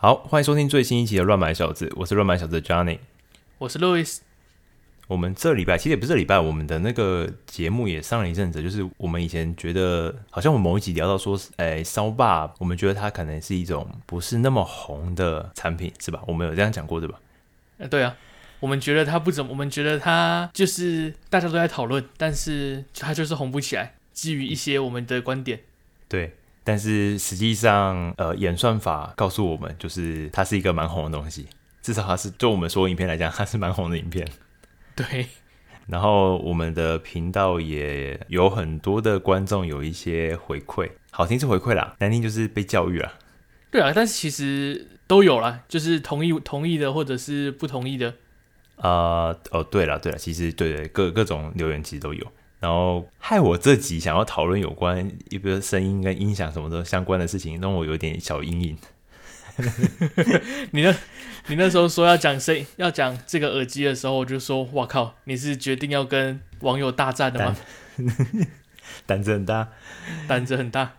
好，歡迎收聽最新一期的《亂買小子》，我是亂買小子的 Johnny，我是 Louis。我們這禮拜其實也不是這禮拜，我們的那個節目也上了一陣子。就是我們以前覺得，好像我們某一集聊到說，哎、欸，燒霸，我們覺得它可能是一種不是那麼紅的產品，是吧？我們有這樣講過對吧、呃？對啊，我們覺得它不怎麼，我們覺得它就是大家都在討論，但是它就是紅不起來。基於一些我們的觀點，對。但是實際上，呃，演算法告訴我們，就是它是一個蠻紅的東西。至少它是，就我們所有影片來講，它是蠻紅的影片。對。然後我們的頻道也有很多的觀眾有一些回饋，好聽是回饋啦，難聽就是被教育了。對啊，但是其實都有啦，就是同意同意的，或者是不同意的。啊、呃，哦，對了對了，其實對對，各各種留言其實都有。然後害我自己想要討論有關，比如說聲音跟音響什麼的相關的事情，讓我有點小陰影。 你那你那時候說要講聲，要講這個耳機的時候，我就說：哇靠！你是決定要跟網友大戰的嗎？膽子很大，膽子很大。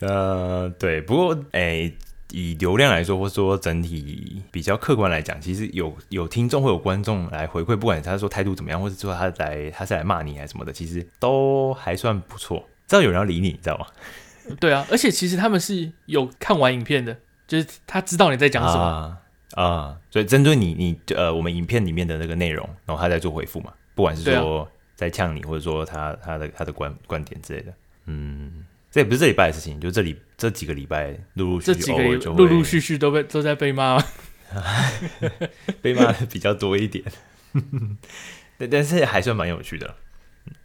呃，對，不過哎。誒以流量來說，或者說整體比較客觀來講，其實有有聽眾或有觀眾來回饋，不管他是說態度怎麼樣，或者說他來他是來罵你還是什麼的，其實都還算不錯。知道有人要理你，你知道嗎？對啊，而且其實他們是有看完影片的，就是他知道你在講什麼啊，啊，所以針對你你呃我們影片裡面的那個內容，然後他在做回覆嘛，不管是說在嗆你，啊，或者說他他的他的觀觀點之類的，嗯。這也不是這禮拜的事情，就這裡這幾個禮拜陸陸續續陸陸續續都被都在被罵，啊， 被罵比較多一點，但 但是還算蠻有趣的。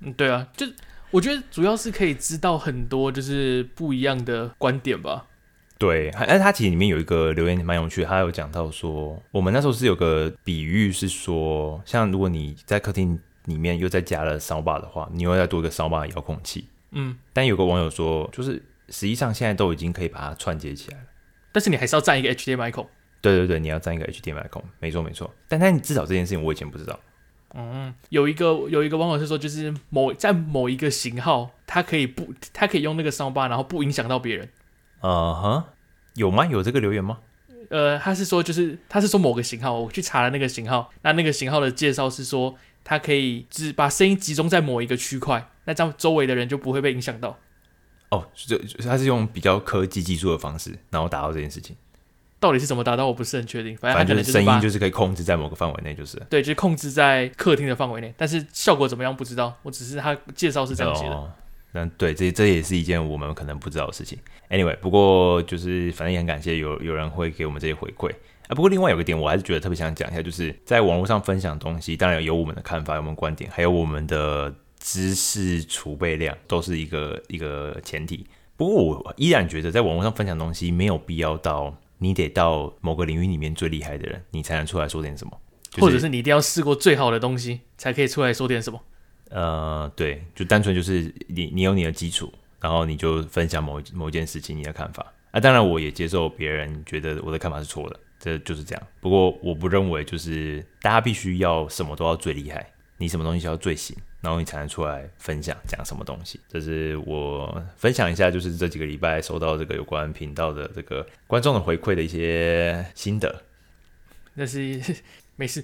嗯，對啊，就我覺得主要是可以知道很多就是不一樣的觀點吧。對，還，但他其實裡面有一個留言蠻有趣，他有講到說，我們那時候是有個比喻是說，像如果你在客廳裡面又再加了 Soundbar 的話，你又要再多一個 Soundbar 遙控器。嗯，但有個網友說，就是實際上現在都已經可以把它串接起來了，但是你還是要占一個 HDMI 孔。對對對，你要占一個 HDMI 孔，沒錯沒錯。但但你至少這件事情我以前不知道。嗯，有一個有一個網友是說，就是某在某一個型號，它可以不，它可以用那個 soundbar，然後不影響到別人。啊、uh huh, 有嗎？有這個留言嗎？呃，他是說就是他是說某個型號，我去查了那個型號，那那個型號的介紹是說，它可以只把聲音集中在某一個區塊，那這樣周圍的人就不會被影響到。哦，就它是用比較科技技術的方式，然後達到這件事情。到底是怎麼達到，我不是很確定。反正就是反正聲音就是可以控制在某個範圍內，就是對，就是控制在客廳的範圍內，但是效果怎麼樣不知道。我只是他介紹是這樣子的。嗯、哦，對，這這也是一件我們可能不知道的事情。Anyway，不過就是反正也很感謝有有人會給我們這些回饋。啊，不過另外有個點，我還是覺得特別想講一下，就是在網絡上分享東西，當然有我們的看法、有我們的觀點，還有我們的知識儲備量，都是一個一個前提。不過我依然覺得，在網絡上分享東西沒有必要到你得到某個領域裡面最厲害的人，你才能出來說點什麼，就是、或者是你一定要試過最好的東西才可以出來說點什麼。呃，對，就單純就是你你有你的基礎，然後你就分享某某一件事情你的看法。啊，當然我也接受別人覺得我的看法是錯的。這就是這樣，不過我不認為就是大家必須要什麼都要最厲害，你什麼東西要最新，然後你才能出來分享講什麼東西。這是我分享一下，就是這幾個禮拜收到這個有關頻道的這個觀眾的回饋的一些心得。那是沒事，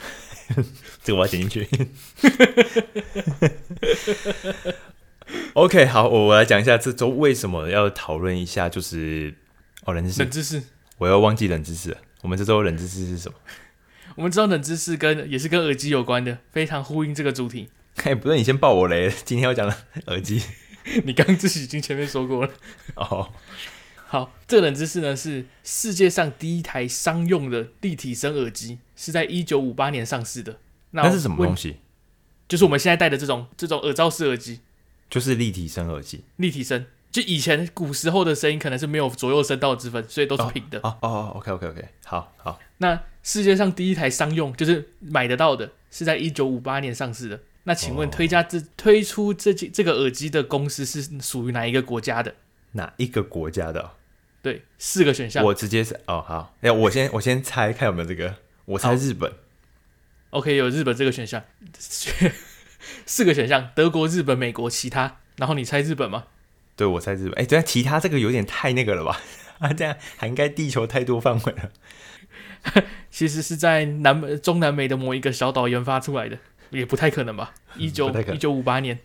這個我要剪進去。 OK，好，我我來講一下這周為什麼要討論一下，就是哦，冷知識，冷知識。我又忘記冷知識了。我們這周冷知識是什麼？ 我們這週冷知識跟也是跟耳機有關的，非常呼應這個主題。嘿，不是你先爆我雷。今天要講的耳機， 你剛剛自己已經前面說過了。哦，oh. 好，這個、冷知識呢是世界上第一台商用的立體聲耳機，是在一九五八年上市的。那是什麼東西？就是我們現在戴的這種、嗯、這種耳罩式耳機，就是立體聲耳機。立體聲。就以前古時候的聲音可能是沒有左右聲道之分，所以都是平的。哦哦、oh, oh, oh，OK OK OK，好，好、oh。那世界上第一台商用就是買得到的，是在一九五八年上市的。那請問，推家這、oh. 推出這這這個耳機的公司是屬於哪一個國家的？哪一個國家的、啊？對，四個選項。我直接是哦，好，哎，我先我先猜看有沒有這個，我猜日本。Oh. OK，有日本這個選項。 四個選項：德國、日本、美國、其他。然後你猜日本嗎？對，我猜日本。哎，對啊，其他這個有點太那個了吧？啊，這樣涵蓋地球太多範圍了。其實是在南中南美的某一個小島研發出來的，也不太可能吧？一九一九五八年，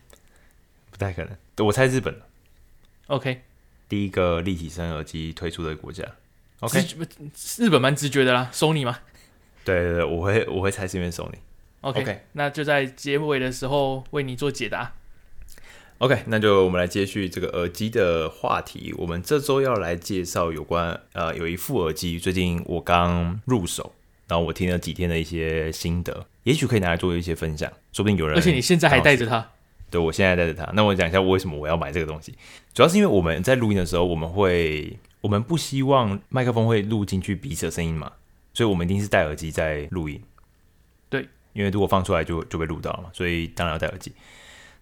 不太可能。不太可能。對，我猜日本了。OK，第一個立體聲耳機推出的國家，OK，日本蠻直覺的啦，Sony 嗎？對對對，我會我會猜這邊 Sony OK。Okay. 那就在結尾的時候為你做解答。OK，那就我們來接續這個耳機的話題。我們這周要來介紹有關呃，有一副耳機，最近我剛入手，然後我聽了幾天的一些心得，也許可以拿來做一些分享。說不定有人，而且你現在還帶著它？對，我現在戴著它。那我講一下為什麼我要買這個東西，主要是因為我們在錄音的時候，我們會我們不希望麥克風會錄進去彼此的聲音嘛，所以我們一定是戴耳機在錄音。對，因為如果放出來就就被錄到了嘛，所以當然要戴耳機。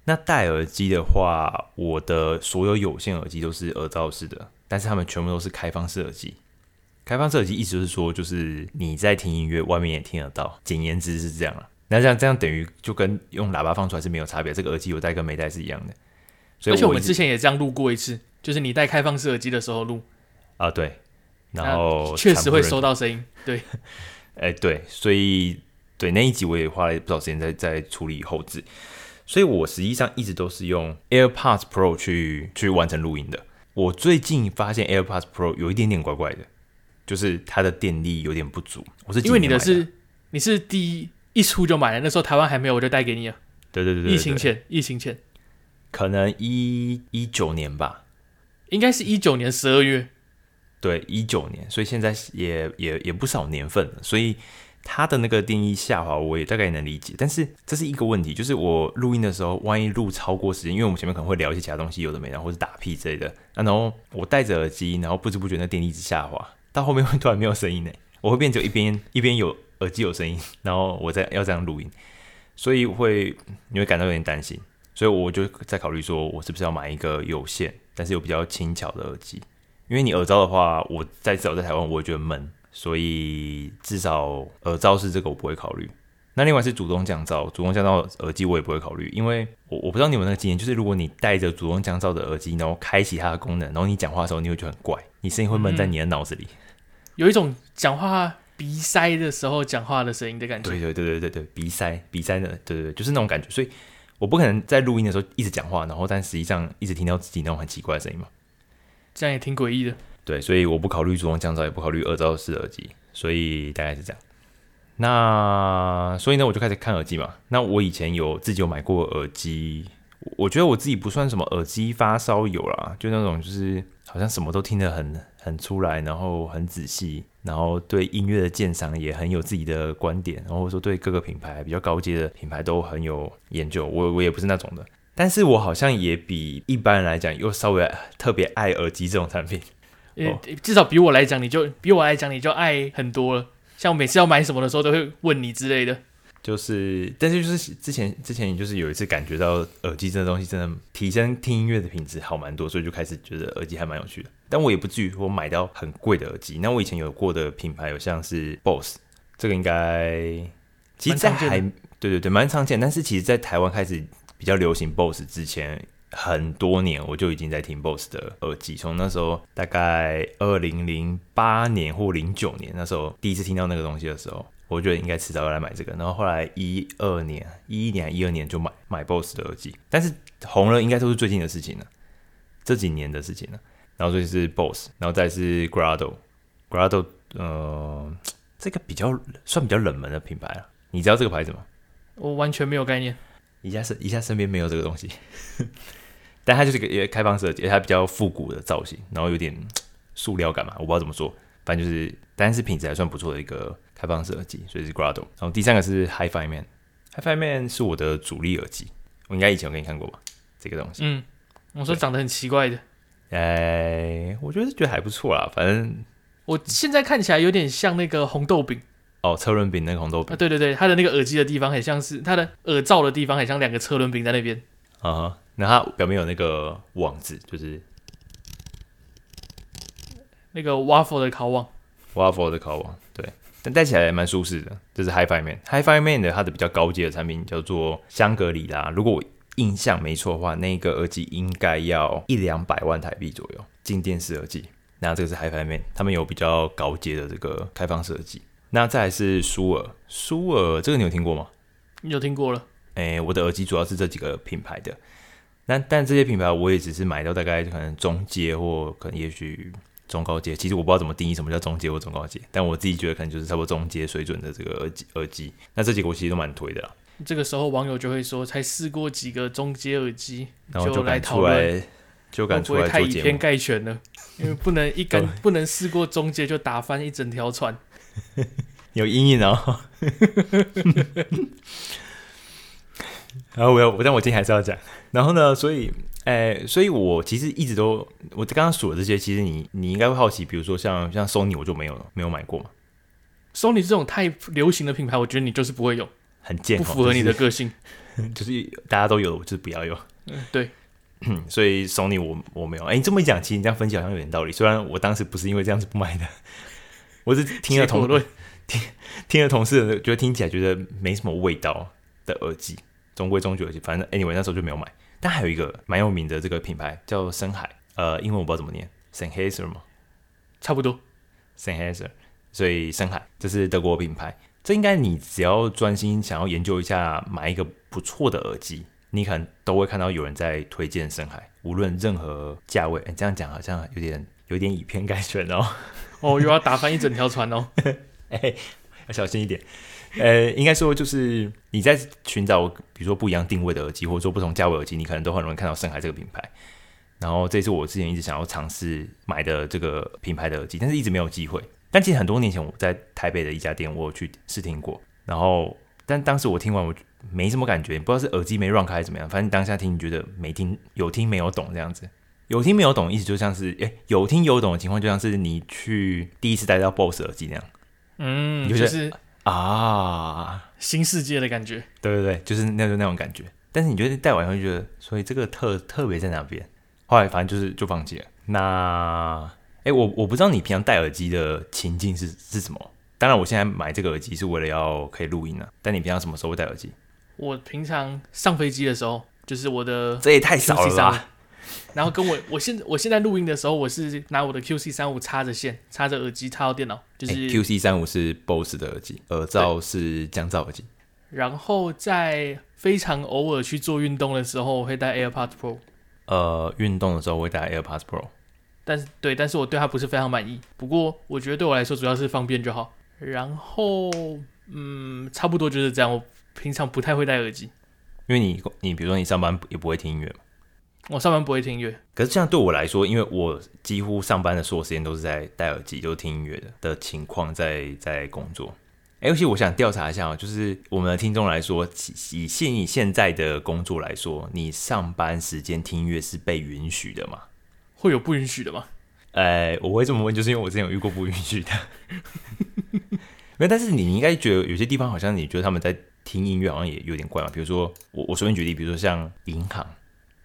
那戴耳機的話，我的所有有線耳機都是耳罩式的，但是它們全部都是開放式耳機。開放式耳機意思就是說，就是你在聽音樂，外面也聽得到。簡言之是這樣了。那這樣這樣等於就跟用喇叭放出來是沒有差別。這個耳機有戴跟沒戴是一樣的。而且我們之前也這樣錄過一次，就是你戴開放式耳機的時候錄。啊、呃、對，然後確、啊、實會收到聲音。對，哎、 欸、對，所以對那一集我也花了不少時間在在處理後製。所以我實際上一直都是用 AirPods Pro 去去完成錄音的。我最近發現 AirPods Pro 有一點點怪怪的，就是它的電力有點不足。我是因為你的是你是第一,一出就買了，那時候台灣還沒有，我就帶給你啊。對，對對對對，疫情前，疫情前，可能一一九年吧，應該是一九年十二月。對，一九年，所以現在也也也不少年份了，所以。它的那個電力下滑，我也大概也能理解，但是這是一個問題，就是我錄音的時候，萬一錄超過時間，因為我們前面可能會聊一些其他東西，有的沒的，然後或是打屁之類的，然後我戴着耳機，然後不知不覺那電力一直下滑，到後面會突然沒有聲音呢，我會變成一邊一邊有耳機有聲音，然後我在要這樣錄音，所以我會你會感到有點擔心，所以我就在考慮說，我是不是要買一個有線，但是又比較輕巧的耳機，因為你耳罩的話，我再至少在台灣，我會覺得悶。所以至少耳罩式這個我不會考慮。那另外是主動降噪，主動降噪耳機我也不會考慮，因為我我不知道你們那個經驗，就是如果你戴着主動降噪的耳機，然後開啟它的功能，然後你講話的時候，你會覺得很怪，你聲音會悶在你的腦子裡，嗯，有一種講話鼻塞的時候講話的聲音的感覺。對對對對對對，鼻塞鼻塞的，對、對對，就是那種感覺。所以我不可能在錄音的時候一直講話，然後但實際上一直聽到自己那種很奇怪的聲音嘛，這樣也挺詭異的。對，所以我不考慮主動降噪，也不考慮耳罩式耳機，所以大概是這樣。那所以呢，我就開始看耳機嘛。那我以前有自己有買過耳機，我覺得我自己不算什麼耳機發燒友啦，就那種就是好像什麼都聽得很很出來，然後很仔細，然後對音樂的鑑賞也很有自己的觀點，然後我說對各個品牌比較高階的品牌都很有研究。我我也不是那種的，但是我好像也比一般人來講又稍微特別愛耳機這種產品。欸、至少比我來講，你就比我來講，你就愛很多了。像我每次要買什麼的時候，都會問你之類的。就是，但是就是之前之前，就是有一次感覺到耳機這個東西真的提升聽音樂的品質好蠻多，所以就開始覺得耳機還蠻有趣的。但我也不至於我買到很貴的耳機。那我以前有過的品牌有像是 Bose，這個應該其實，在還，對對對，蠻常見，但是其實在台灣開始比較流行 Bose 之前。很多年我就已經在聽 BOSS 的耳機，從那時候大概二零零八年或零九年，那時候第一次聽到那個東西的時候，我覺得應該遲早要來買這個。然後後來一二年，一一年、一二年就買買 BOSS 的耳機，但是紅了應該都是最近的事情了，這幾年的事情了。然後最近是 BOSS，然後再是 g r a d o g r a d o 嗯、呃，這個比較算比較冷門的品牌了。你知道這個牌子嗎？我完全沒有概念。一下，一下身一下身邊沒有這個東西。 但它就是一個開放式耳機，它比較復古的造型，然後有點塑料感嘛，我不知道怎麼說，反正就是，但是品質還算不錯的一個開放式耳機。所以是 Grado。然後第三個是 HiFi Man，HiFi Man 是我的主力耳機，我應該以前有給你看過吧？這個東西。嗯，我說長得很奇怪的。哎，我覺得覺得還不錯啦，反正我現在看起來有點像那個紅豆餅哦，車輪餅那個紅豆餅。啊，對對對，它的那個耳機的地方很像是它的耳罩的地方，很像兩個車輪餅在那邊。啊。Uh-huh. 那它表面有那個網子，就是那個 Waffle 的烤網，Waffle 的烤網，對，但戴起來也蠻舒適的。這是 HiFiMan，HiFiMan 的它的比較高階的產品叫做香格里拉。如果我印象沒錯的話，那一個耳機應該要一兩百萬台幣左右，靜電式耳機。那這個是 HiFiMan，他們有比較高階的這個開放式耳機。那再來是舒爾，舒爾這個你有聽過嗎？你有聽過了。哎，我的耳機主要是這幾個品牌的。但，但這些品牌我也只是買到大概可能中階或可能也許中高階，其實我不知道怎麼定義什麼叫中階或中高階，但我自己覺得可能就是差不多中階水準的這個耳機耳機。那這幾個我其實都蠻推的、啊。這個時候網友就會說，才試過幾個中階耳機，就來討論，然後就敢出來，就敢出來就以偏概全了， 因為不能一根 不能試過中階就打翻一整條船， 有陰影 哦。 然後、啊、我我但我今天還是要講。然後呢，所以，哎、欸，所以我其實一直都，我剛剛數了這些，其實你你應該會好奇，比如說像像 Sony，我就沒有了，沒有買過嘛。Sony 這種太流行的品牌，我覺得你就是不會用，很健康，不符合你的個性，就是、就是大家都有，我就是不要用、嗯。對。嗯、所以 Sony 我我沒有。哎、欸，你這麼一講，其實你這樣分析好像有點道理。雖然我當時不是因為這樣子不買的，我是聽了同，聽聽了同事的覺得聽起來覺得沒什麼味道的耳機。中規中矩而已，反正 anyway 那時候就沒有買。但還有一個蠻有名的這個品牌叫森海，呃，英文我不知道怎麼念 Sanheiser 嗎？差不多，Sanheiser，所以森海這是德國品牌。這應該你只要專心想要研究一下買一個不錯的耳機，你可能都會看到有人在推薦森海，無論任何價位。這樣講好像有點有點以偏概全哦，哦，又要打翻一整條船哦， 要小心一點。呃、欸，應該說就是你在尋找，比如說不一樣定位的耳機，或者說不同價位耳機，你可能都很容易看到森海這個品牌。然後，這是我之前一直想要嘗試買的這個品牌的耳機，但是一直沒有機會。但其實很多年前我在台北的一家店，我有去試聽過。然後，但當時我聽完，我沒什麼感覺，不知道是耳機沒 run 開還是怎麼樣。反正當下聽，你覺得沒聽有聽沒有懂這樣子，有聽沒有懂意思就像是，哎、欸，有聽有懂的情況就像是你去第一次帶到 Bose 耳機那樣，嗯，就是。就是啊，新世界的感覺，對對對，就是那種那種感覺。但是你覺得戴完以後就覺得，所以這個特特別在哪邊？後來反正就是就放棄了。那哎，我我不知道你平常戴耳機的情境是是什麼。當然，我現在買這個耳機是為了要可以錄音了啊，但你平常什麼時候戴耳機？我平常上飛機的時候，就是我的這也太少了。 然後跟我，我現在我現在錄音的時候，我是拿我的 Q C 三五插着線，插着耳機插到電腦。就是、欸、Q C 三五是 Bose 的耳機，耳罩是降噪耳機。然後在非常偶爾去做運動的時候，會戴 AirPods Pro。呃，運動的時候我會戴 AirPods Pro。但是對，但是我對它不是非常滿意。不過我覺得對我來說主要是方便就好。然後嗯，差不多就是這樣。我平常不太會戴耳機，因為你你比如說你上班也不會聽音樂嘛。我上班不會聽音樂，可是這樣對我來說，因為我幾乎上班的所有時間都是在戴耳機，就是聽音樂的的情況，在在工作。哎、欸，尤其我想調查一下啊、喔，就是我們的聽眾來說，以現以現在的工作來說，你上班時間聽音樂是被允許的嗎？會有不允許的嗎？哎、欸，我會這麼問，就是因為我之前有遇過不允許的。 沒有，但是你應該覺得有些地方好像你覺得他們在聽音樂好像也有點怪嘛，比如說我我隨便舉例，比如說像銀行。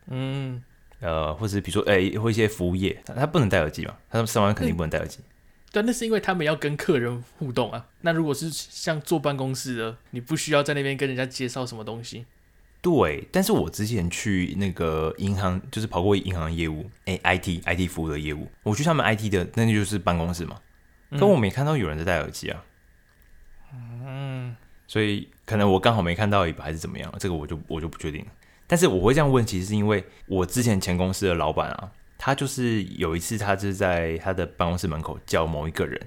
嗯，呃，或者是比如說，哎、欸，或一些服務業，他他不能戴耳機嘛？他們上班肯定不能戴耳機。嗯，對，那是因為他們要跟客人互動啊。那如果是像坐辦公室的，你不需要在那邊跟人家介紹什麼東西。對，但是我之前去那個銀行，就是跑過銀行業務，哎、欸，IT IT 服務的業務，我去他們 IT 的，那就是辦公室嘛。可我沒看到有人在戴耳機啊。嗯，所以可能我剛好沒看到一把，還是怎麼樣？這個我就我就不確定了。但是我會這樣問，其實是因為我之前前公司的老闆啊，他就是有一次他就在他的辦公室門口叫某一個人，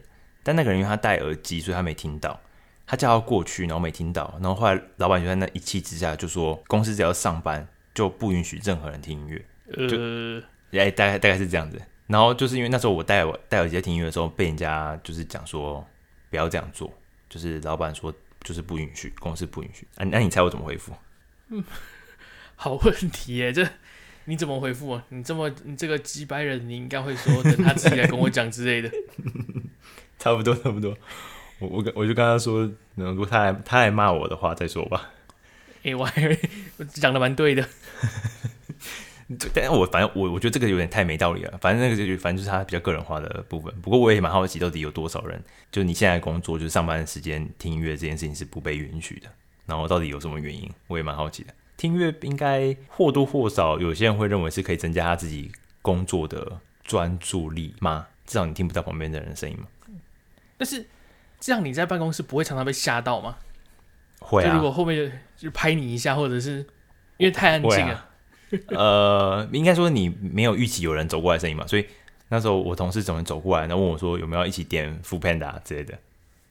但那個人因為他戴耳機，所以他沒聽到。他叫他過去，然後沒聽到，然後後來老闆就在那一氣之下就說，公司只要上班就不允許任何人聽音樂。就，哎，大概大概是這樣子。然後就是因為那時候我戴戴耳機在聽音樂的時候，被人家就是講說不要這樣做，就是老闆說就是不允許，公司不允許。那、啊、那你猜我怎麼回復？嗯。好問題耶，這你怎麼回復啊？你這麼你這個幾百人，你應該會說等他自己來跟我講之類的。 差不多差不多，我我跟我就跟他說，如果他還他還罵我的話，再說吧。哎、欸，我還以為，我講的蠻對的。 對但，我反正我我覺得這個有點太沒道理了。反正那個就反正就是他比較個人化的部分。不過我也蠻好奇，到底有多少人就你現在工作就是上班時間聽音樂這件事情是不被允許的？然後到底有什麼原因？我也蠻好奇的。聽音樂應該或多或少，有些人會認為是可以增加他自己工作的專注力嗎？至少你聽不到旁邊的人的聲音嘛？但是這樣你在辦公室不會常常被嚇到嗎？會啊！就如果後面就拍你一下，或者是因為太安靜了。啊、 呃，應該說你沒有預期有人走過來聲音嘛，所以那時候我同事怎麼走過來，然後問我說有沒有一起點《Food Panda》之類的。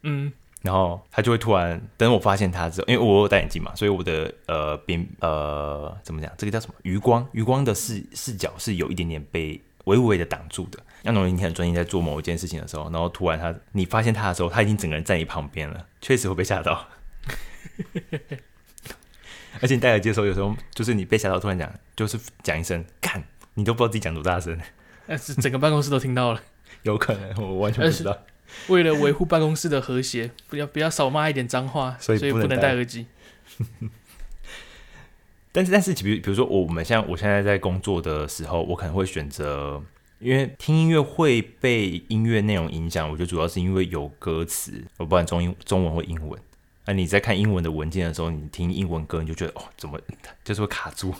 嗯。然後他就會突然等我發現他之後，因為我有戴眼鏡嘛，所以我的呃邊呃怎麼講，這個叫什麼餘光，餘光的視視角是有一點點被微微的擋住的。那種你很專心在做某一件事情的時候，然後突然他你發現他的時候，他已經整個人在你旁邊了，確實會被嚇到。 而且你戴眼鏡的時候，有時候就是你被嚇到，突然講就是講一聲“幹”，你都不知道自己講多大聲。呃是，整個辦公室都聽到了。 有可能，我完全不知道。呃 為了維護辦公室的和諧，不要不要少罵一點髒話，所以不能戴耳機。 但是，但是，比如，比如說，我們像我現在在工作的時候，我可能會選擇，因為聽音樂會被音樂內容影響。我覺得主要是因為有歌詞，我不管中英中文或英文。那、啊、你在看英文的文件的時候，你聽英文歌，你就覺得哦，怎麼就是會卡住，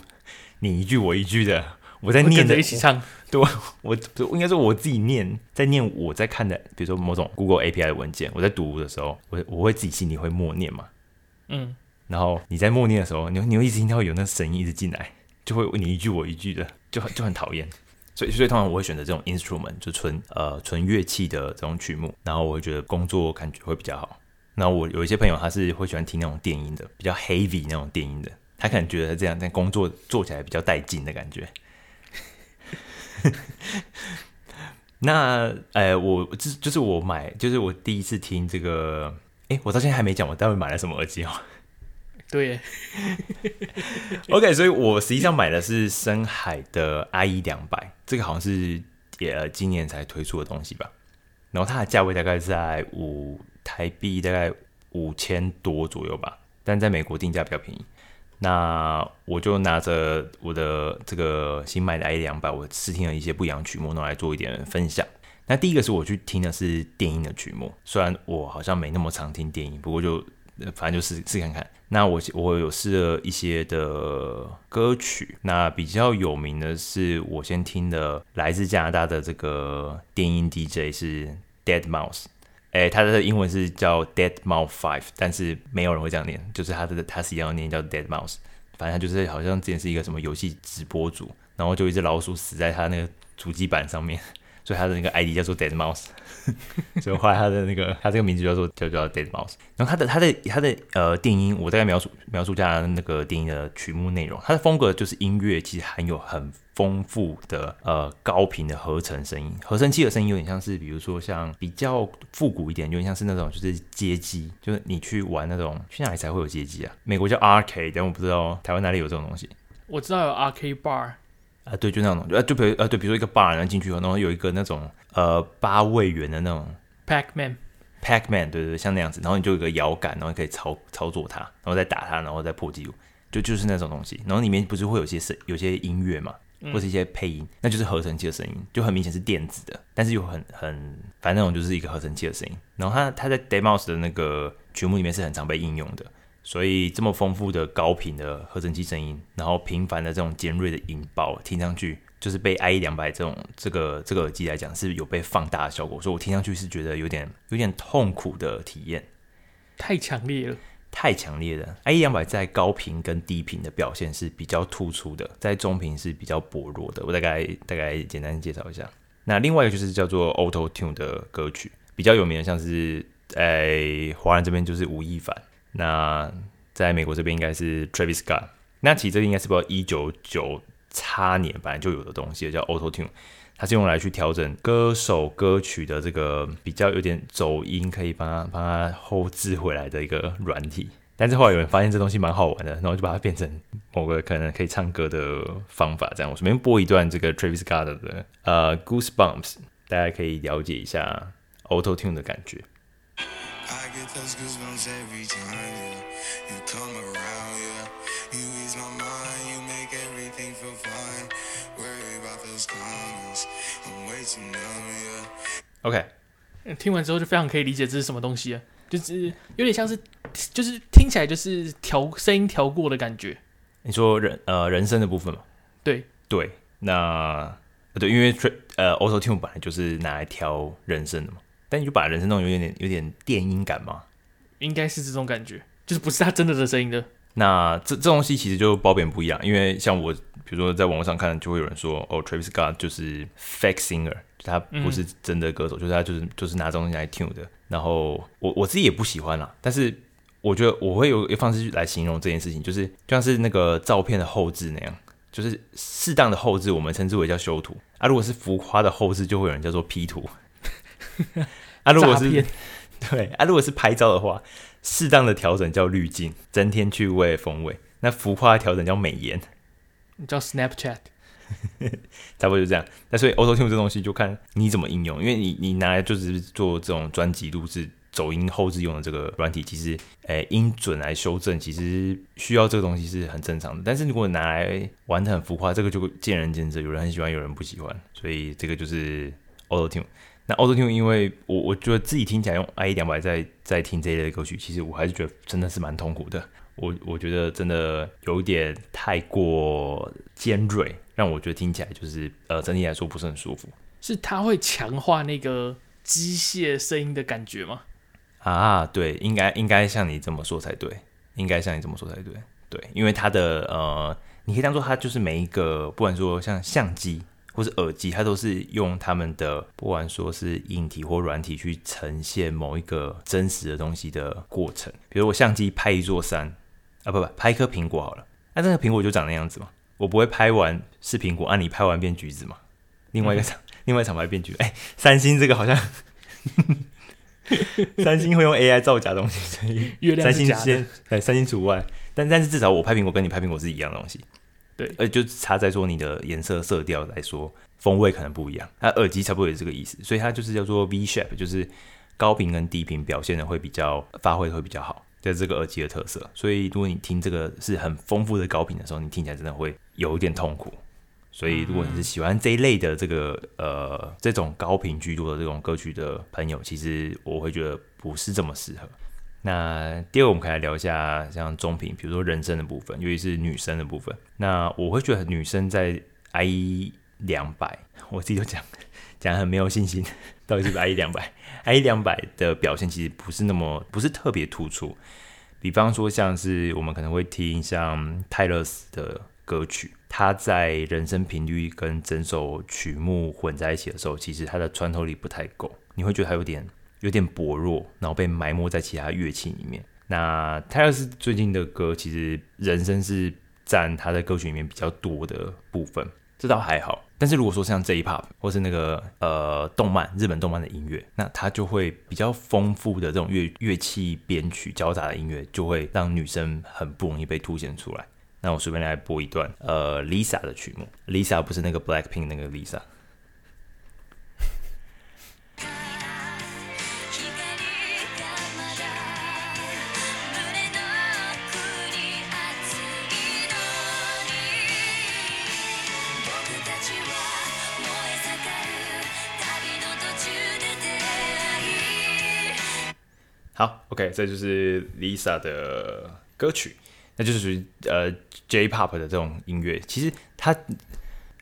你一句我一句的。我在念着一起唱，對，我不我應該是我自己念，在念我在看的，比如說某種 Google API 的文件，我在讀的時候，我我會自己心裡會默念嘛，嗯，然後你在默念的時候，你你會一直聽到有那個聲音一直進來，就會你一句我一句的，就就很討厭，所以所以通常我會選擇這種 instrument，就純呃純樂器的這種曲目，然後我會覺得工作感覺會比較好。那我有一些朋友他是會喜歡聽那種電音的，比較 heavy 那種電音的，他可能覺得這樣在工作做起來比較帶勁的感覺。 那呃，我就是就是我買，就是我第一次聽這個，哎、欸，我到現在還沒講我到底買了什麼耳機哦。 對耶 ，OK，所以我實際上買的是森海的 IE 200，這個好像是也今年才推出的東西吧。然後它的價位大概在五台幣，大概五千多左右吧，但在美國定價比較便宜。那我就拿着我的這個新買的 IE 200，我試聽了一些不一樣曲目，拿來做一點分享。那第一個是我去聽的是電音的曲目，雖然我好像沒那麼常聽電音，不過就反正就試試看看。那我我有試了一些的歌曲，那比較有名的是我先聽的來自加拿大的這個電音 DJ 是 Dead Mouse。誒、欸，他的英文是叫 Deadmau5，但是沒有人會這樣念，就是他的他是要念叫 Dead Mouse，反正他就是好像之前是一個什麼遊戲直播主，然後就一隻老鼠死在他那個主機板上面，所以他的那個 ID 叫做 Dead Mouse。就 所以後來他的那個， 他這個名字叫做叫叫 Dead Mouse。然後他的他的他的呃電音，我大概描述描述一下那個電音的曲目內容。他的風格就是音樂其實含有很豐富的呃高頻的合成聲音，合成器的聲音有點像是比如說像比較復古一點，有點像是那種就是街機，就是你去玩那種，去哪裡才會有街機啊？美國叫 arcade，但我不知道台灣哪裡有這種東西。我知道有 arcade bar。啊，對，就那種，呃、啊，就比如，呃、啊，對，比如說一個 bar，然後進去後，然後有一個那種，呃，八位元的那種 Pac-Man，Pac-Man，Pac 對對對，像那樣子，然後你就有一個搖桿，然後你可以操操作它，然後再打它，然後再破記錄，就就是那種東西。然後裡面不是會有些聲，有些音樂嘛，或是一些配音，嗯、那就是合成器的聲音，就很明顯是電子的，但是又很很，反正那種就是一個合成器的聲音。然後它它在 demos 的那個曲目裡面是很常被應用的。所以這麼豐富的高頻的合成器聲音，然後頻繁的這種尖銳的引爆，聽上去就是被 IE 200這種這個這個耳機來講是有被放大的效果，所以我聽上去是覺得有點有點痛苦的體驗，太強烈了，太強烈了。IE 200在高頻跟低頻的表現是比較突出的，在中頻是比較薄弱的。我大概大概簡單介紹一下。那另外一個就是叫做 Auto Tune 的歌曲，比較有名的像是在、哎、華人這邊就是吳亦凡。那在美國這邊應該是 Travis Scott。那其實這個應該是不知道一九九叉年本來就有的東西，叫 Auto Tune，它是用來去調整歌手歌曲的這個比較有點走音，可以幫它幫它後置回來的一個軟體。但是後來有人發現這東西蠻好玩的，然後就把它變成某個可能可以唱歌的方法，這樣。我隨便播一段這個 Travis Scott 的呃 Goosebumps，大家可以了解一下 Auto Tune 的感覺。Okay，聽完之後就非常可以理解這是什麼東西啊，就是有點像是，就是聽起來就是調聲音調過的感覺。你說人呃人聲的部分嗎？對對，那不對，因為呃 auto tune 本來就是拿來調人聲的嘛。但你就把人聲弄有點有點有點電音感嘛？應該是這種感覺，就是不是他真的的聲音的。那這這東西其實就褒貶不一樣，因為像我，比如說在網絡上看，就會有人說，哦，Travis Scott 就是 fake singer，他不是真的歌手，嗯、就是他就是就是拿這種東西來 tune 的。然後我我自己也不喜歡啦，但是我覺得我會有一方式來形容這件事情，就是就像是那個照片的後製那樣，就是適當的後製，我們稱之為叫修圖啊；如果是浮誇的後製，就會有人叫做 P 圖。 騙啊，如果是對啊，如果是拍照的話，適當的調整叫濾鏡，增添趣味風味。那浮誇調整叫美顏，叫 Snapchat。 差不多就是這樣。那所以 Auto Tune 這東西就看你怎麼應用，因為你你拿來就是做這種專輯錄製、走音後製用的這個軟體，其實誒、欸、音準來修正，其實需要這個東西是很正常的。但是如果拿來玩得很浮誇，這個就見仁見智，有人很喜歡，有人不喜歡。所以這個就是 Auto Tune。那 Auto Tune，因為我我覺得自己聽起來用 IE 200在在聽這一類的歌曲，其實我還是覺得真的是蠻痛苦的。我我覺得真的有一點太過尖銳，讓我覺得聽起來就是呃整體來說不是很舒服。是它會強化那個機械聲音的感覺嗎？啊，對，應該應該像你這麼說才對，應該像你這麼說才對，對，因為它的呃，你可以當做它就是每一個，不管說像相機。或是耳機，它都是用他們的，不管說是硬體或軟體去呈現某一個真實的東西的過程。比如我相機拍一座山，啊不不，拍一顆蘋果好了。那、啊、這個蘋果就長那樣子嘛？我不會拍完是蘋果，按、啊、你拍完變橘子嘛？另外一個廠，嗯、另外一廠牌變橘子。哎、欸，三星這個好像， 三星會用 AI 造假的東西， 月亮的三星之間，哎、欸，三星除外。但但是至少我拍蘋果跟你拍蘋果是一樣的東西。對，呃，就差在說你的顏色、色調來說，風味可能不一樣。它耳機差不多也是這個意思，所以它就是叫做 V shape，就是高頻跟低頻表現的會比較，發揮的會比較好，在、就是、這個耳機的特色。所以如果你聽這個是很豐富的高頻的時候，你聽起來真的會有一點痛苦。所以如果你是喜歡這一類的這個呃這種高頻居多的這種歌曲的朋友，其實我會覺得不是這麼適合。那第二我們可以來聊一下像中頻，比如說人聲的部分，尤其是女生的部分。那我會覺得女生在 IE 200，我自己就講講很沒有信心，到底是不是 IE 200，IE 200的表現其實不是那麼、不是特別突出。比方說，像是我們可能會聽像泰勒絲的歌曲，他在人聲頻率跟整首曲目混在一起的時候，其實他的穿透力不太夠，你會覺得他有點。有點薄弱，然後被埋沒在其他樂器裡面。那 Taylor 最近的歌，其實人聲是占他的歌曲裡面比較多的部分，這倒還好。但是如果說像 J-pop，或是那個呃動漫、日本動漫的音樂，那它就會比較豐富的這種樂樂器編曲、交雜的音樂，就會讓女生很不容易被凸顯出來。那我隨便來播一段，呃，Lisa 的曲目，Lisa 不是那個 Blackpink 那個 Lisa。好，OK，這就是 Lisa 的歌曲，那就是屬於呃 J-Pop 的這種音樂。其實它，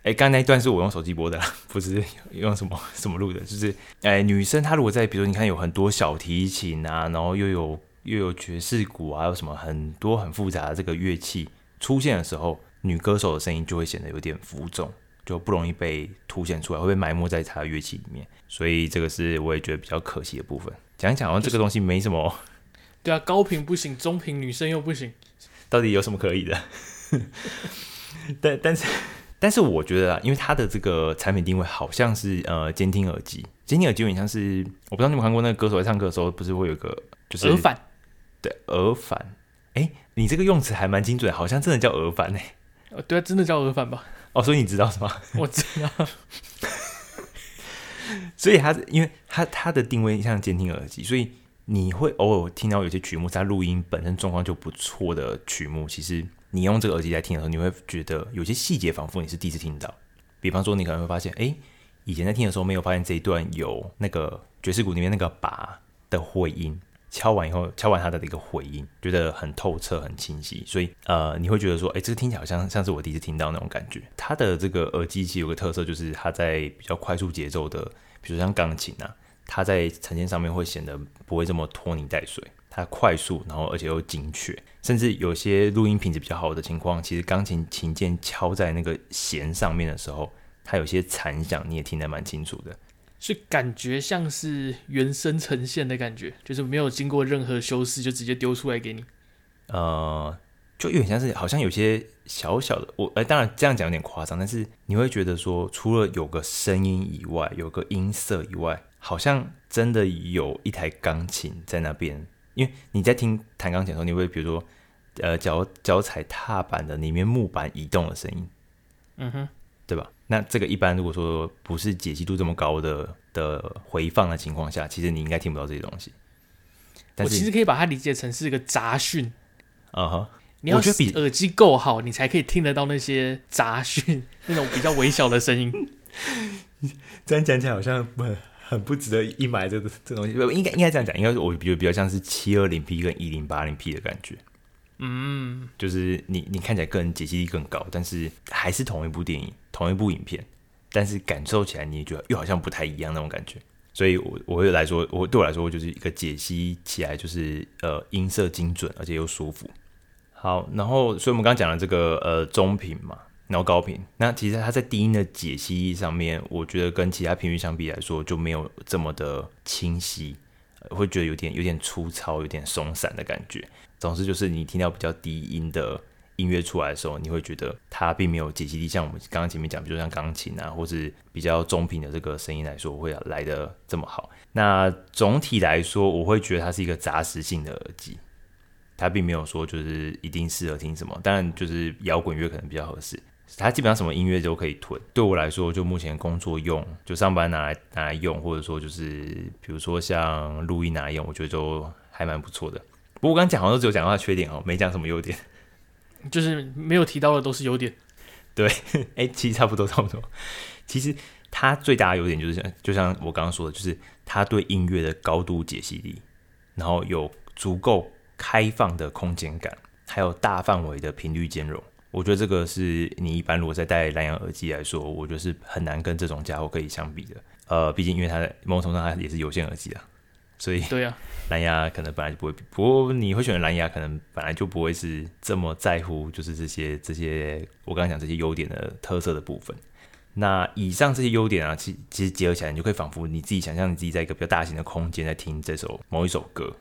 哎，剛剛那一段是我用手機播的啦，不是用什麼什麼錄的。就是，哎，女生她如果在，比如說你看，有很多小提琴啊，然後又有又有爵士鼓，啊，有什麼很多很複雜的這個樂器出現的時候，女歌手的聲音就會顯得有點浮腫，就不容易被凸顯出來，會被埋沒在她的樂器裡面。所以這個是我也覺得比較可惜的部分。講一講哦，這個東西沒什麼、就是。對啊，高頻不行，中頻女生又不行。到底有什麼可以的？但但是但是，但是我覺得啊，因為它的這個產品定位好像是呃監聽耳機，監聽耳機有點像是，我不知道你們看過那個歌手在唱歌的時候，不是會有一個就是耳返？對，耳返。哎、欸，你這個用詞還蠻精準的，好像真的叫耳返呢、欸？對啊，真的叫耳返吧？哦，所以你知道什麼？我知道。 所以它，因為它它的定位像監聽耳機，所以你會偶爾聽到有些曲目，在錄音本身狀況就不錯的曲目，其實你用這個耳機來聽的時候，你會覺得有些細節仿佛你是第一次聽到。比方說，你可能會發現，哎、欸，以前在聽的時候沒有發現這一段有那個爵士鼓裡面那個把的回音。敲完以後，敲完它的一個回音，覺得很透徹、很清晰，所以呃，你會覺得說，哎，這個聽起來好像像是我第一次聽到那種感覺。它的這個耳機其實有個特色，就是它在比較快速節奏的，比如像鋼琴啊，它在呈現上面會顯得不會這麼拖泥帶水，它快速，然後而且又精確，甚至有些錄音品質比較好的情況，其實鋼琴琴鍵敲在那個弦上面的時候，它有些殘響，你也聽得蠻清楚的。是感覺像是原聲呈現的感覺，就是沒有經過任何修飾就直接丟出來給你。呃，就有點像是，好像有些小小的，我呃，當然這樣講有點誇張，但是你會覺得說，除了有個聲音以外，有個音色以外，好像真的有一台鋼琴在那邊。因為你在聽彈鋼琴的時候，你會比如說，呃，腳腳踩踏板的裡面木板移動的聲音，嗯哼，對吧？那這個一般如果說不是解析度這麼高的的回放的情況下，其實你應該聽不到這些東西。我其實可以把它理解成是一個雜訊啊，uh huh、你要覺得比耳機夠好，你才可以聽得到那些雜訊那種比較微小的聲音。 這樣講起來好像很很不值得一買這個這個、東西，應該應該這樣講，應該是我比較比較像是七二零 P 跟一零八零 P 的感覺。嗯，就是你你看起來個人解析力更高，但是還是同一部電影，同一部影片，但是感受起來你覺得又好像不太一樣那種感覺，所以我，我我會來說，我對我來說，就是一個解析起來就是呃音色精準，而且又舒服。好，然後，所以我們剛剛講的這個呃中頻嘛，然後高頻，那其實它在低音的解析上面，我覺得跟其他頻率相比來說就沒有這麼的清晰。會覺得有點有點粗糙，有點鬆散的感覺。總之就是你聽到比較低音的音樂出來的時候，你會覺得它並沒有解析力，像我們剛剛前面講，比如說像鋼琴啊，或是比較中頻的這個聲音來說，會來的這麼好。那總體來說，我會覺得它是一個雜食性的耳機，它並沒有說就是一定適合聽什麼，但就是搖滾樂可能比較合適。它基本上什麼音樂都可以囤。對我來說，就目前工作用，就上班拿來拿來用，或者說就是比如說像錄音拿來用，我覺得都還蠻不錯的。不過我剛講好像只有講它的缺點哦，沒講什麼優點，就是沒有提到的都是優點。對，哎、欸，其實差不多差不多。其實它最大的優點就是像就像我剛剛說的，就是它對音樂的高度解析力，然後有足夠開放的空間感，還有大範圍的頻率兼容。我覺得這個是你一般如果在戴藍牙耳機來說，我覺得是很難跟這種家伙可以相比的。呃，畢竟因為它某種程度上它也是有線耳機啊，所以對啊，藍牙可能本來就不會比。不過你會選擇藍牙，可能本來就不會是這麼在乎，就是這些這些我剛剛講這些優點的特色的部分。那以上這些優點啊，其其實結合起來，你就可以仿佛你自己想象你自己在一個比較大型的空間在聽這首某一首歌。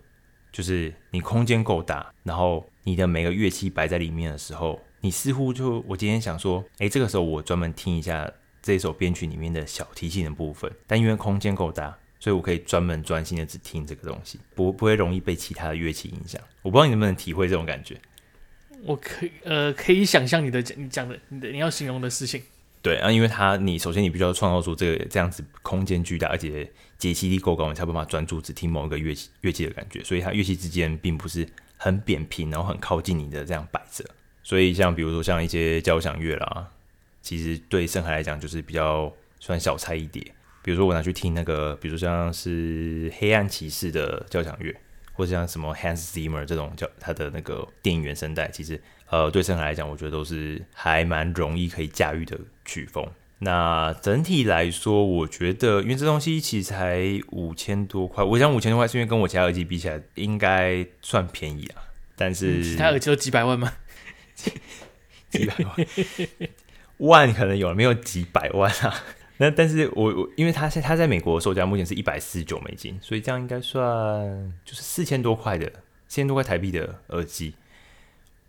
就是你空間夠大，然後你的每個樂器擺在裡面的時候，你似乎就我今天想說，哎、欸，這個時候我專門聽一下這首編曲裡面的小提琴的部分，但因為空間夠大，所以我可以專門專心的只聽這個東西，不不會容易被其他的樂器影響。我不知道你能不能體會這種感覺？我可以呃可以想象你的你講的你的你要形容的事情。對啊，因為他，你首先你必須要創造出這個這樣子空間巨大，而且解析力夠高，你才有辦法專注只聽某一個樂器樂器的感覺。所以，他樂器之間並不是很扁平，然後很靠近你的這樣擺着。所以，像比如說像一些交響樂啦，其實對森海來講就是比較算小菜一碟。比如說我拿去聽那個，比如說像是黑暗騎士的交響樂，或者像什麼 Hans Zimmer 這種叫他的那個電影原聲帶，其實。呃，對森海來講，我覺得都是還蠻容易可以駕馭的曲風。那整體來說，我覺得，因為這東西其實才五千多塊，我想五千多塊是因為跟我其他耳機比起來，應該算便宜啊。但是其他耳機都幾百萬嗎？幾，幾百萬 萬可能有，沒有幾百萬啊。那但是我我，因為它是它在美國的售價目前是一百四十九美金，所以這樣應該算就是四千多塊的，四千多塊台幣的耳機。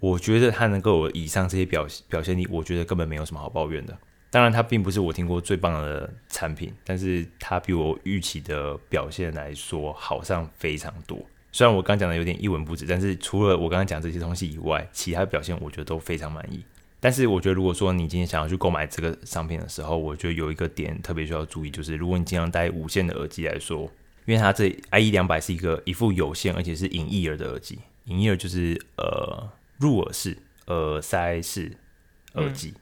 我覺得它能夠有以上這些表現表現力，我覺得根本沒有什麼好抱怨的。當然，它並不是我聽過最棒的產品，但是它比我預期的表現來說好上非常多。雖然我剛講的有點一文不值，但是除了我剛剛講這些東西以外，其他表現我覺得都非常滿意。但是我覺得，如果說你今天想要去購買這個商品的時候，我覺得有一個點特別需要注意，就是如果你經常戴無線的耳機來說，因為它這 IE 200是一個一副有線而且是 in-ear 的耳機，in-ear 就是呃。入耳式、耳塞式耳機，嗯、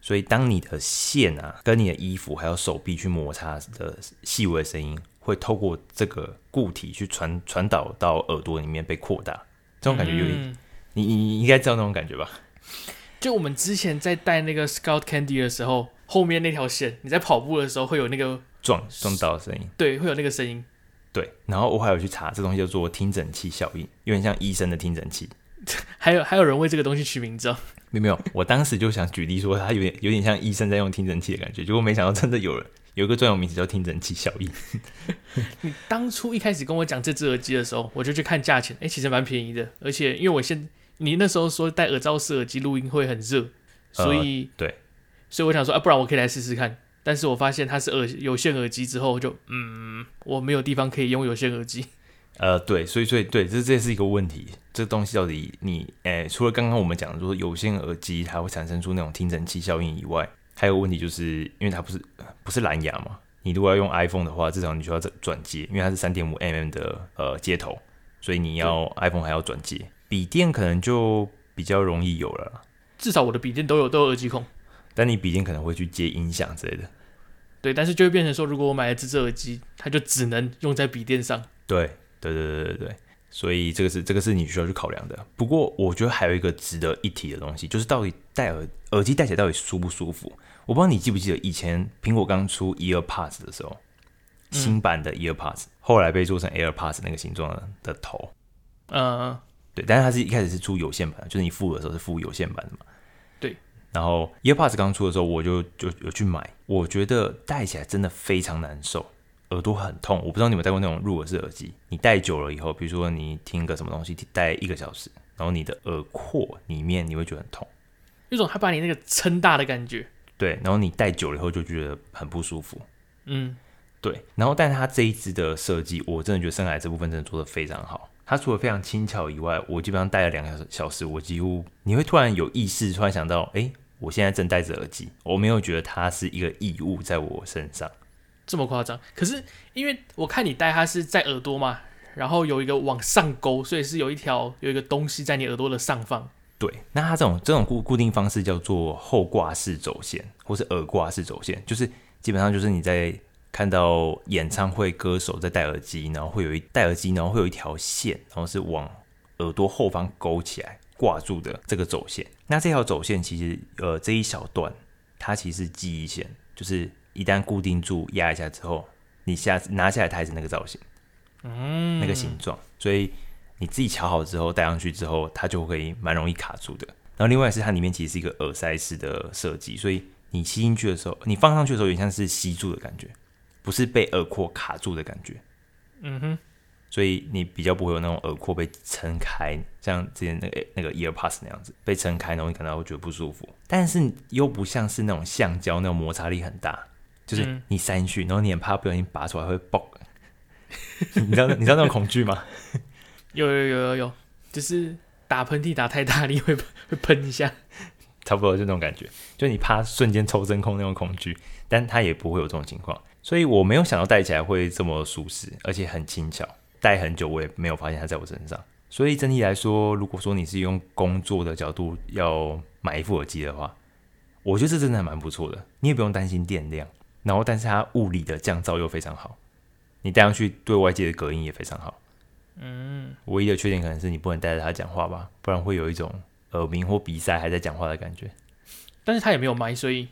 所以當你的線啊跟你的衣服還有手臂去摩擦的細微的聲音，會透過這個固體去傳傳導到耳朵裡面被擴大，這種感覺有點、嗯嗯，你你應該知道那種感覺吧？就我們之前在帶那個 Scout Candy 的時候，後面那條線，你在跑步的時候會有那個撞撞到的聲音，對，會有那個聲音。對，然後我還有去查這東西叫做聽診器效應，有點像醫生的聽診器。還有還有人為這個東西取名字？哦，沒有沒有，我當時就想舉例說，它有點有點像醫生在用聽診器的感覺。結果沒想到真的有人有一個專有名詞叫聽診器效應。你當初一開始跟我講這只耳機的時候，我就去看價錢，哎、欸，其實蠻便宜的。而且因為我現你那時候說戴耳罩式耳機錄音會很熱，所以、呃、對，所以我想說啊，不然我可以來試試看。但是我發現它是耳有線耳機之後我就，就嗯，我沒有地方可以用有線耳機。呃，對，所以所以對，這這是一個問題。這東西到底你，哎，除了剛剛我們講的說有線耳機它會產生出那種聽診器效應以外，還有問題就是，因為它不是不是藍牙嘛，你如果要用 iPhone 的話，至少你需要轉接，因為它是三點五 mm 的呃接頭，所以你要 iPhone 還要轉接。對筆電可能就比較容易有了，至少我的筆電都有都有耳機孔，但你筆電可能會去接音響之類的。對，但是就會變成說，如果我買了這支耳機，它就只能用在筆電上。對。對對對對對，所以這個是這個是你需要去考量的。不過我覺得還有一個值得一提的東西，就是到底戴耳耳機戴起來到底舒不舒服？我不知道你記不記得以前蘋果剛出 EarPods 的時候，嗯、新版的 EarPods 後來被做成 AirPods 那個形狀的頭。嗯，對，但是它是一開始是出有線版的，就是你附的時候是附有線版的嘛？對。然後 EarPods 剛出的時候，我就就有，有去買，我覺得戴起來真的非常難受。耳朵很痛，我不知道你們戴過那種入耳式耳機。你戴久了以後，比如說你聽個什麼東西，戴一個小時，然後你的耳廓裡面你會覺得很痛，有一種它把你那個撐大的感覺。對，然後你戴久了以後就覺得很不舒服。嗯，對。然後，但是它這一支的設計，我真的覺得森海這部分真的做得非常好。它除了非常輕巧以外，我基本上戴了兩個小時，我幾乎你會突然有意識，突然想到，哎、欸，我現在正戴着耳機，我沒有覺得它是一個異物在我身上。這麼誇張？可是因為我看你戴它是在耳朵嘛，然後有一個往上勾，所以是有一條有一個東西在你耳朵的上方。對，那它這種這種固固定方式叫做後掛式走線，或是耳掛式走線，就是基本上就是你在看到演唱會歌手在戴耳機，然後會有一戴耳機，然後會有一條線，然後是往耳朵後方勾起來掛住的這個走線。那這條走線其實，呃，這一小段它其實是記憶線，就是。一旦固定住壓一下之後，你下次拿下來它還是那個造型，嗯，那個形狀，所以你自己喬好之後戴上去之後，它就會蠻容易卡住的。然後另外是它裡面其實是一個耳塞式的設計，所以你吸進去的時候，你放上去的時候，有點像是吸住的感覺，不是被耳廓卡住的感覺，嗯哼。所以你比較不會有那種耳廓被撐開，像之前那個、那個 Ear Pass 那樣子被撐開，然後你感到會覺得不舒服，但是又不像是那種橡膠那種摩擦力很大。就是你塞進去，嗯、然後你很怕不小心拔出來會爆， 你知道那，你知道那種恐懼嗎？有 有有有有。就是打噴嚏打太大力會會噴一下，差不多就那種感覺，就你怕瞬間抽真空那種恐懼，但它也不會有這種情況，所以我沒有想到戴起來會這麼舒適，而且很輕巧，戴很久我也沒有發現它在我身上，所以整體來說，如果說你是用工作的角度要買一副耳機的話，我覺得這真的還蠻不錯的，你也不用擔心電量。然後，但是它物理的降噪又非常好，你戴上去對外界的隔音也非常好。嗯，唯一的缺點可能是你不能戴着它講話吧，不然會有一種耳鳴或鼻塞還在講話的感覺。但是他也沒有麥，所以，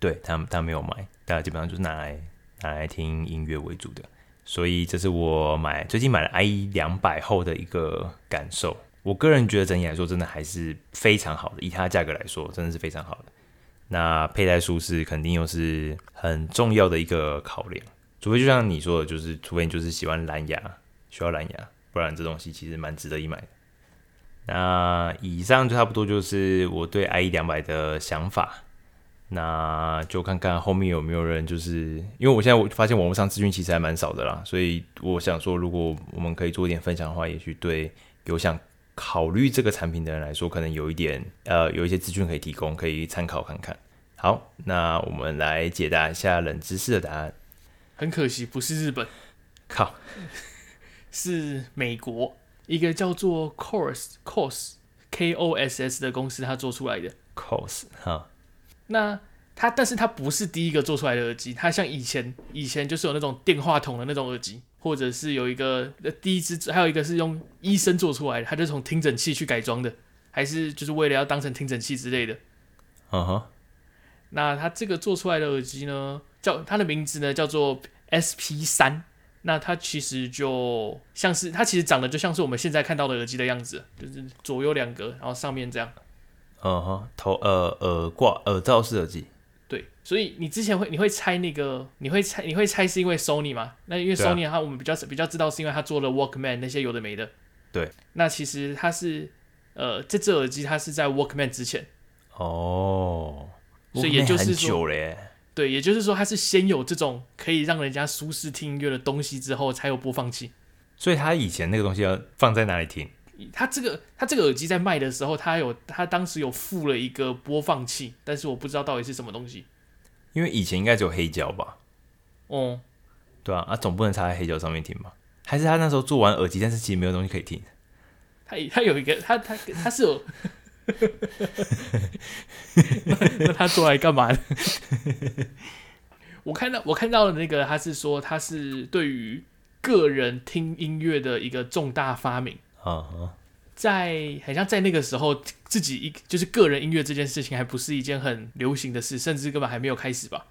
對他他沒有麥，大家基本上就是拿來拿來聽音樂為主的。所以這是我買最近買了 IE 200後的一個感受。我個人覺得整體來說真的還是非常好的，以它的價格來說真的是非常好的。那佩戴舒適肯定又是很重要的一個考量，除非就像你說的，就是除非你就是喜歡藍牙需要藍牙，不然這東西其實蠻值得一買的。那以上就差不多就是我對 i.e 兩百的想法，那就看看後面有沒有人就是，因為我現在我發現網絡上資訊其實還蠻少的啦，所以我想說，如果我們可以做一點分享的話，也許對有想考慮這個產品的人來說，可能有一點呃，有一些資訊可以提供，可以參考看看。好，那我們來解答一下冷知識的答案。很可惜，不是日本，靠，是美國一個叫做 Koss Koss K O S S 的公司，它做出來的 Koss 哈。那它，但是它不是第一個做出來的耳機，它像以前以前就是有那種電話筒的那種耳機。或者是有一個，第一只，還有一個是用醫生做出來的，他就從聽診器去改裝的，還是就是為了要當成聽診器之類的。嗯哼、uh-huh. 那他這個做出來的耳機呢，叫它的名字呢叫做 SP 三。那它其實就像是，它其實長得就像是我們現在看到的耳機的樣子，就是左右兩個，然後上面這樣。嗯哼、uh-huh. 頭呃耳掛耳罩式耳機。所以你之前會你會猜那個你會猜你會猜是因為 Sony 嗎？那因為 Sony 的話、啊，我們比較比較知道是因為他做了 Walkman 那些有的沒的。對。那其實他是呃，這隻耳機它是在 Walkman 之前。哦。Oh, 所以也就是說，久了，對，也就是說他是先有這種可以讓人家舒適聽音樂的東西，之後才有播放器。所以他以前那個東西要放在哪裡聽？他這個他這個耳機在賣的時候，他有他當時有附了一個播放器，但是我不知道到底是什麼東西。因為以前應該只有黑膠吧，嗯，對啊，那、啊、總不能插在黑膠上面聽吧？還是他那時候做完耳機，但是其實沒有東西可以聽。他他有一個，他他他是有， 他做來幹嘛的 ？我看到我看到了那個，他是說他是對於個人聽音樂的一個重大發明啊，uh huh. 在好像在那個時候。自己一就是個人音樂這件事情，還不是一件很流行的事，甚至根本還沒有開始吧？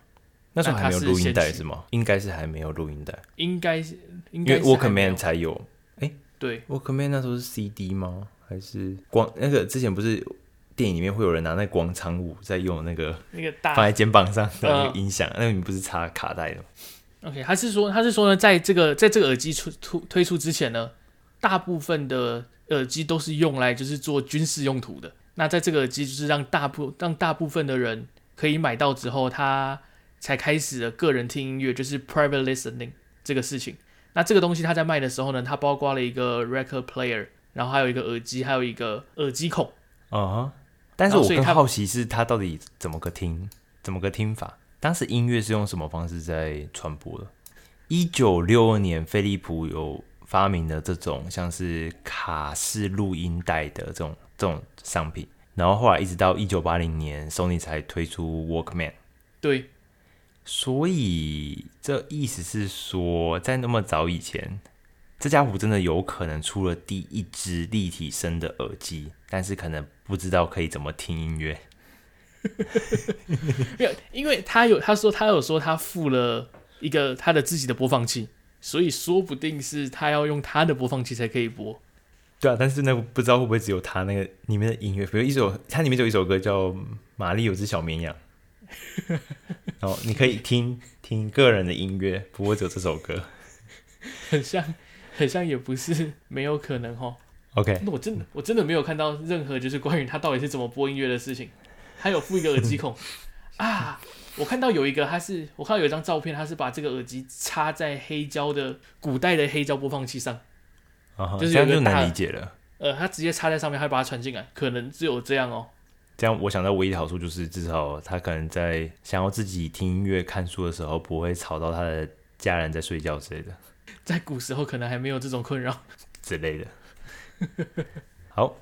那時候還沒有錄音帶是嗎？應該是還沒有錄音帶，應該是因為 Walkman 才有哎，欸、對 Walkman 那時候是 CD 嗎？還是廣那個之前不是電影裡面會有人拿那廣場舞在用那個那個大放在肩膀上的音響？呃、那你不是插卡帶的？OK，他是說他是說呢，在這個在這個耳機出出推出之前呢，大部分的。耳機都是用來就是做軍事用途的。那在這個耳機就是讓大部讓大部分的人可以買到之後，他才開始了個人聽音樂，就是 private listening 這個事情。那這個東西他在賣的時候呢，它包括了一個 record player，然後還有一個耳機，還有一個耳機孔。啊、uh huh, 但是我更好奇是他到底怎麼個聽，怎麼個聽法？當時音樂是用什麼方式在傳播的？一九六二年，飛利浦有。發明的這種像是卡式錄音帶的這種這種商品，然後後來一直到一九八零年，Sony 才推出 Walkman。對，所以這意思是說，在那麼早以前，這家伙真的有可能出了第一支立體聲的耳機，但是可能不知道可以怎麼聽音樂。 沒有，因為他有他說他有說他附了一個他的自己的播放器。所以說不定是他要用他的播放器才可以播，對啊，但是呢，不知道會不會只有他那個裡面的音樂，比如一首，它裡面有一首歌叫《瑪麗有隻小綿羊》，然後、 哦、你可以聽 聽個人的音樂，播著這首歌。很像，很像，也不是沒有可能哦。OK，那我真的我真的沒有看到任何就是關於他到底是怎麼播音樂的事情。還有附一個耳機孔 啊。 我看到有一個，他是我看到有一張照片，他是把這個耳機插在黑膠的古代的黑膠播放器上，啊哈，這樣就，就難理解了。呃，他直接插在上面，還把它傳進來，可能只有這樣哦。這樣，我想到唯一的好處就是，至少他可能在想要自己聽音樂、看書的時候，不會吵到他的家人在睡覺之類的。在古時候，可能還沒有這種困擾之類的。 好。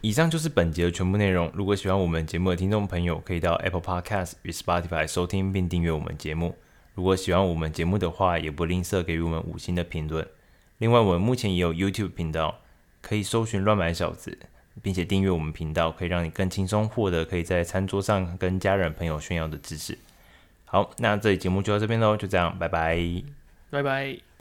以上就是本節的全部內容。如果喜歡我們節目的聽眾朋友，可以到 Apple Podcast 與 Spotify 收聽並訂閱我們節目。如果喜歡我們節目的話，也不吝嗇給予我們五星的評論。另外，我們目前也有 YouTube 頻道，可以搜尋“亂買小子”，並且訂閱我們頻道，可以讓你更輕鬆獲得可以在餐桌上跟家人朋友炫耀的知識。好，那這期節目就到這邊嘍，就這樣，拜拜，拜拜。